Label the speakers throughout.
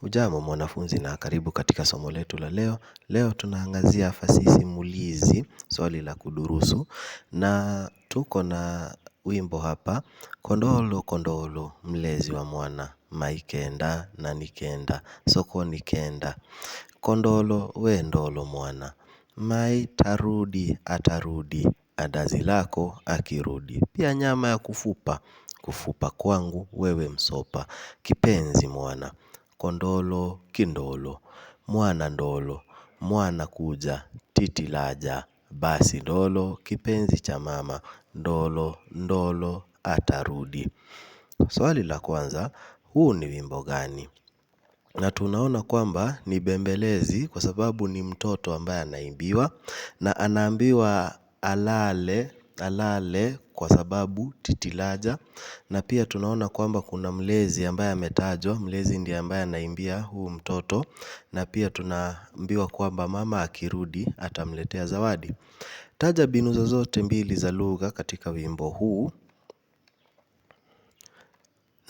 Speaker 1: Hujambo mwanafunzi na karibu katika somo letu la leo. Leo tunaangazia fasihi simulizi, swali la kudurusu. Na tuko na wimbo hapa, kondolo kondolo, mlezi wa mwana, maikenda na nikenda, sokoni kenda. Kondolo we ndolo mwana, mai tarudi atarudi, adazi lako akirudi. Pia nyama ya kufupa, kufupa kwangu wewe msopa, kipenzi mwana, kondolo kindolo, mwana ndolo, mwana kuja, titi laja, basi ndolo kipenzi cha mama, ndolo ndolo atarudi. Swali la kwanza, huu ni wimbo gani? Na tunaona kwamba ni bembelezi kwa sababu ni mtoto ambaye anaimbiwa na anaambiwa alale Alale kwa sababu titilaja na pia tunaona kwamba kuna mlezi ambaye ametajwa mlezi ndiye ambaye anaimbia huu mtoto na pia tunaambiwa kwamba mama akirudi atamletea zawadi. Taja mbinu zozote mbili za lugha katika wimbo huu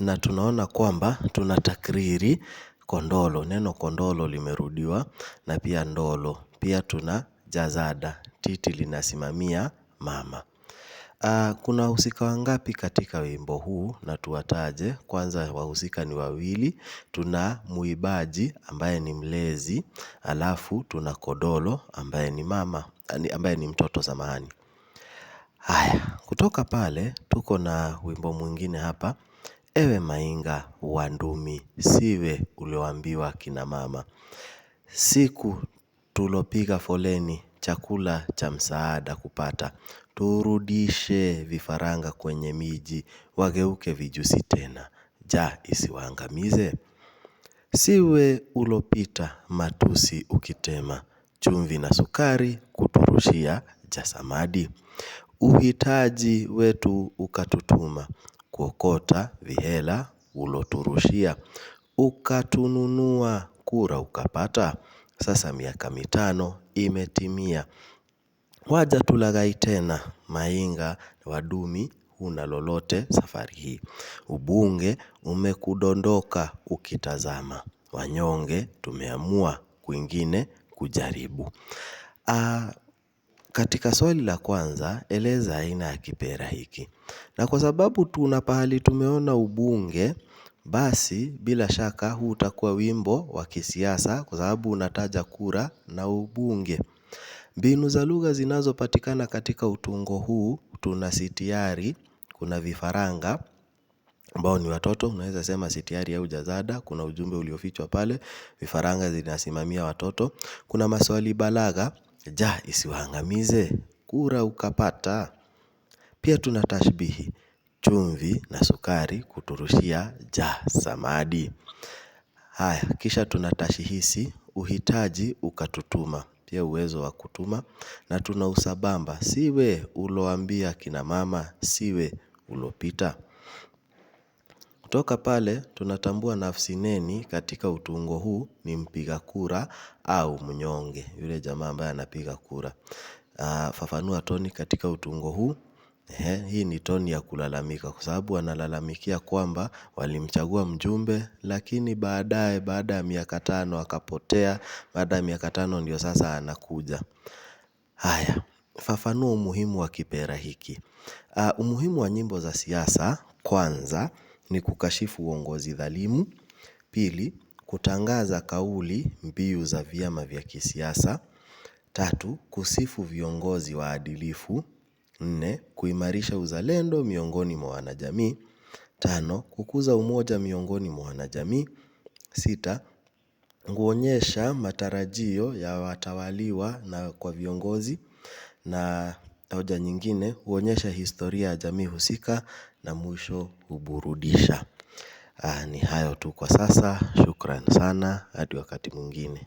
Speaker 1: na tunaona kwamba tuna takriri kondolo. Neno kondolo limerudiwa na pia ndolo. Pia tuna jazada. Titi linasimamia mama. Ah, kuna wahusika wangapi katika wimbo huu na tuwataje kwanza wahusika ni wawili Tuna muibaji ambaye ni mlezi alafu tuna kodolo ambaye ni mama ambaye ni mtoto samahani haya kutoka pale tuko na wimbo mwingine hapa Ewe mainga wa ndumi siwe ulioambiwa kina mama siku tulopiga foleni chakula cha msaada kupata Turudishe vifaranga kwenye miji, wageuke vijusi tena, ja isiwaangamize. Siwe ulopita matusi ukitema, chumvi na sukari kuturushia jasamadi. Uhitaji wetu ukatutuma, kuokota vihela uloturushia. Ukatununua kura ukapata, sasa miaka mitano imetimia. Waja tulagai tena, mainga wadumi huna lolote safari hii. Ubunge umekudondoka ukitazama. Wanyonge tumeamua kwingine kujaribu. Ah, katika swali la kwanza, eleza aina ya kipera hiki. Na kwa sababu tuna pahali tumeona ubunge, basi bila shaka huu utakuwa wimbo wa kisiasa kwa sababu unataja kura na ubunge. Mbinu za lugha zinazopatikana katika utungo huu tuna sitiari, kuna vifaranga ambao ni watoto, unaweza sema sitiari au jazada, kuna ujumbe uliofichwa pale, vifaranga zinasimamia watoto. Kuna maswali balagha, ja isiwaangamize, kura ukapata. Pia tuna tashbihi, chumvi na sukari kuturushia ja samadi. Haya, kisha tuna tashihisi, uhitaji ukatutuma pia uwezo wa kutuma na tuna usabamba siwe uloambia kina mama siwe ulopita. Kutoka pale tunatambua nafsi neni katika utungo huu ni mpiga kura au mnyonge yule jamaa ambaye anapiga kura. Ah, fafanua toni katika utungo huu hii ni toni ya kulalamika kwa sababu wanalalamikia kwamba walimchagua mjumbe lakini baadaye baada ya miaka tano akapotea baada ya miaka tano ndio sasa anakuja. Haya, fafanua umuhimu wa kipera hiki. Ah, umuhimu wa nyimbo za siasa kwanza ni kukashifu uongozi dhalimu, pili kutangaza kauli mbiu za vyama vya kisiasa, tatu kusifu viongozi waadilifu, Nne, kuimarisha uzalendo miongoni mwa wanajamii. Tano, kukuza umoja miongoni mwa wanajamii. Sita, kuonyesha matarajio ya watawaliwa na kwa viongozi na hoja nyingine huonyesha historia ya jamii husika na mwisho huburudisha. Ah, ni hayo tu kwa sasa, shukran sana, hadi wakati mwingine.